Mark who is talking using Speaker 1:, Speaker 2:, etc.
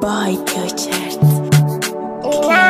Speaker 1: Boy, Richard. Yeah.